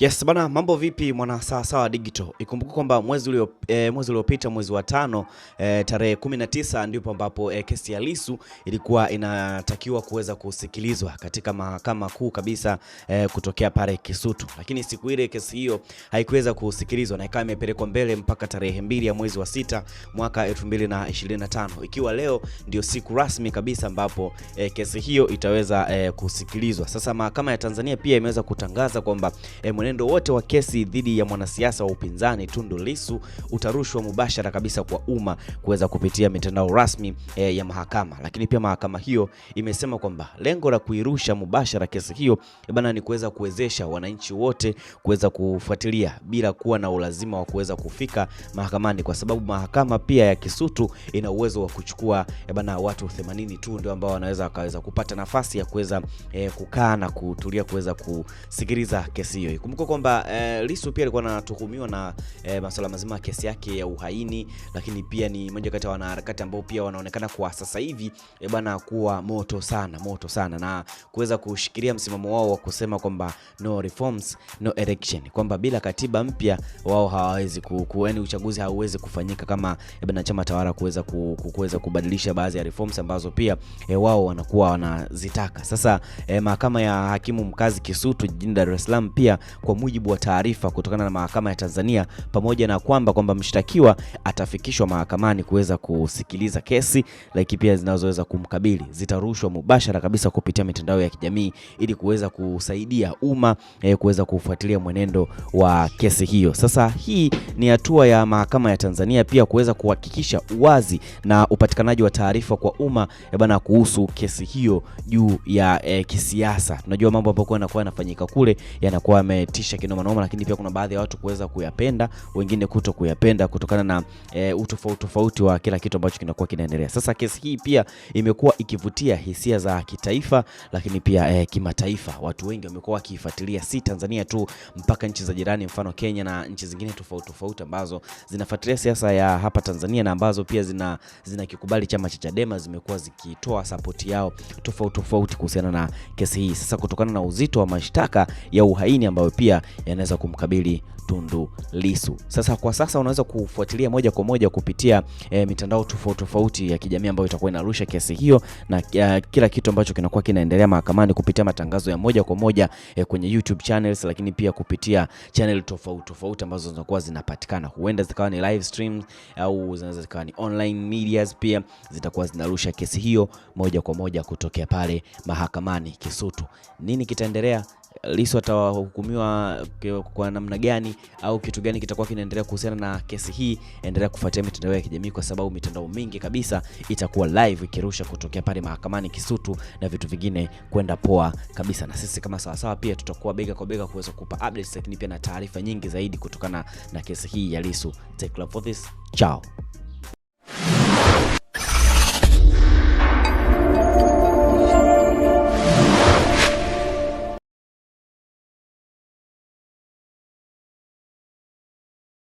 Yes, bana mambo vipi mwana sawa sawa digital. Ikumbuke kwamba mwezi eh, uliopita e, mwezi wa tano e, tarehe 19 ndipo ambapo e, kesi ya Lissu ilikuwa inatakiwa kuweza kusikilizwa katika mahakama kuu kabisa e, kutokea pale Kisutu, lakini siku ile kesi hiyo haikuweza kusikilizwa na ikawa imepelekwa mbele mpaka tarehe mbili ya mwezi wa sita mwaka 2025 ikiwa leo ndio siku rasmi kabisa ambapo e, kesi hiyo itaweza e, kusikilizwa. Sasa mahakama ya Tanzania pia imeweza kutangaza kwamba e, mwenendo wote wa kesi dhidi ya mwanasiasa wa upinzani Tundu Lissu utarushwa mubashara kabisa kwa umma kuweza kupitia mitandao rasmi e, ya mahakama. Lakini pia mahakama hiyo imesema kwamba lengo la kuirusha mubashara kesi hiyo eh, bana ni kuweza kuwezesha wananchi wote kuweza kufuatilia bila kuwa na ulazima wa kuweza kufika mahakamani, kwa sababu mahakama pia ya Kisutu ina uwezo wa kuchukua eh, bana watu 80 tu ndio ambao wanaweza wakaweza kupata nafasi ya kuweza e, kukaa na kutulia kuweza kusikiliza kesi hiyo kumbuka kwamba eh, Lissu pia alikuwa anatuhumiwa na eh, masuala mazima ya kesi yake ya uhaini, lakini pia ni mmoja kati ya wanaharakati ambao pia wanaonekana kwa sasa hivi eh, bana kuwa moto sana moto sana na kuweza kushikilia msimamo wao wa kusema kwamba no reforms no election, kwamba bila katiba mpya wao hawawezi yani uchaguzi hauwezi kufanyika kama eh, bana chama tawala kuweza kuweza kubadilisha baadhi ya reforms ambazo pia eh, wao wanakuwa wanazitaka. Sasa eh, mahakama ya hakimu mkazi Kisutu jijini Dar es Salaam pia kwa mujibu wa taarifa kutokana na mahakama ya Tanzania, pamoja na kwamba kwamba mshtakiwa atafikishwa mahakamani kuweza kusikiliza kesi, lakini pia zinazoweza kumkabili zitarushwa mubashara kabisa kupitia mitandao ya kijamii ili kuweza kusaidia umma eh, kuweza kufuatilia mwenendo wa kesi hiyo. Sasa hii ni hatua ya mahakama ya Tanzania pia kuweza kuhakikisha uwazi na upatikanaji wa taarifa kwa umma eh, bana kuhusu kesi hiyo juu ya eh, kisiasa. Unajua mambo ambayo yanakuwa yanafanyika kule yanakuwa yamet kutisha kinoma noma, lakini pia kuna baadhi ya watu kuweza kuyapenda, wengine kuto kuyapenda kutokana na e, utofauti tofauti wa kila kitu ambacho kinakuwa kinaendelea. Sasa kesi hii pia imekuwa ikivutia hisia za kitaifa, lakini pia e, kimataifa. Watu wengi wamekuwa wakiifuatilia, si Tanzania tu, mpaka nchi za jirani, mfano Kenya na nchi zingine tofauti tofauti ambazo zinafuatilia siasa ya hapa Tanzania na ambazo pia zina, zina kikubali chama cha Chadema zimekuwa zikitoa sapoti yao tofauti tofauti kuhusiana na kesi hii. Sasa kutokana na uzito wa mashtaka ya uhaini ambayo pia pia yanaweza kumkabili Tundu Lisu. Sasa kwa sasa unaweza kufuatilia moja kwa moja kupitia e, mitandao tofauti tofauti ya kijamii ambayo itakuwa inarusha kesi hiyo na a, eh, kila kitu ambacho kinakuwa kinaendelea mahakamani kupitia matangazo ya moja kwa moja e, kwenye YouTube channels, lakini pia kupitia channel tofauti tofauti ambazo zinakuwa zinapatikana, huenda zikawa ni live streams au zinaweza zikawa ni online medias, pia zitakuwa zinarusha kesi hiyo moja kwa moja kutokea pale mahakamani Kisutu. Nini kitaendelea? lisu atahukumiwa kwa namna gani au kitu gani kitakuwa kinaendelea kuhusiana na kesi hii. Endelea kufuatia mitandao ya kijamii kwa sababu mitandao mingi kabisa itakuwa live ikirusha kutokea pale mahakamani Kisutu na vitu vingine kwenda poa kabisa, na sisi kama sawasawa pia tutakuwa bega kwa bega kuweza kupa updates, lakini pia na taarifa nyingi zaidi kutokana na kesi hii ya Lisu. Take love for this. Ciao.